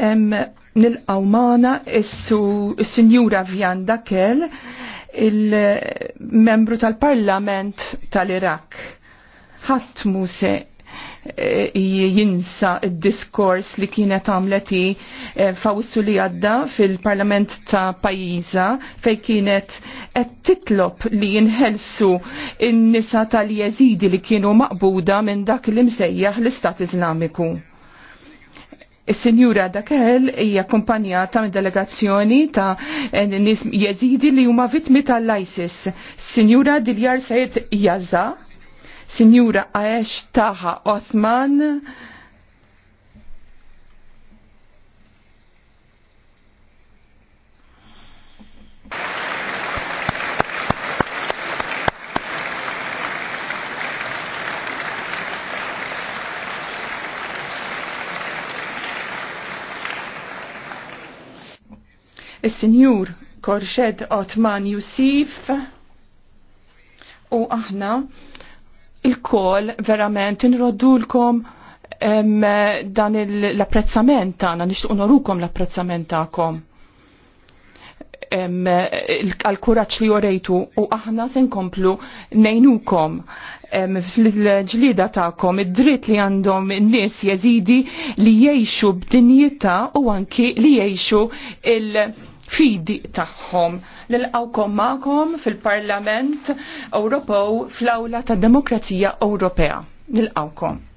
nilqaw maħna is-Sinjura Vjanda Kell, il-membru tal-Parlament tal-Irak. Ħadd se e, jinsa il-diskors li kienet għamleti e, fawussu li għadda fil-parlament ta' pajiza fej kienet qed titlop li jinħelsu in-nisa tal-jeżidi li kienu maqbuda minn dak li msejjaħ l-Istat Islamiku. Is-Sinjura Dakel hija kumpanjata minn delegazzjoni ta' nies jeżidi li huma vittmi tal-ISIS. Sinjura Diljar Said Jazza, Sinjura Aesh Taha Othman, il-Sinjur Korxed Otman Jusif u aħna il-kol verament nroddulkom dan l-apprezzament tagħna nixtieq norukom l-apprezzament tagħkom. Għal-kuraġġ li jorejtu u aħna se nkomplu nejnukom fil-ġlida tagħkom id-dritt li għandhom n-nies jazidi li jgħixu b'dinjità u anki li jgħixu il- fidi tagħhom l qawkom maħkom fil-Parlament Ewropew fl-awla tad-Demokrazija Ewropea. Nilqawkom.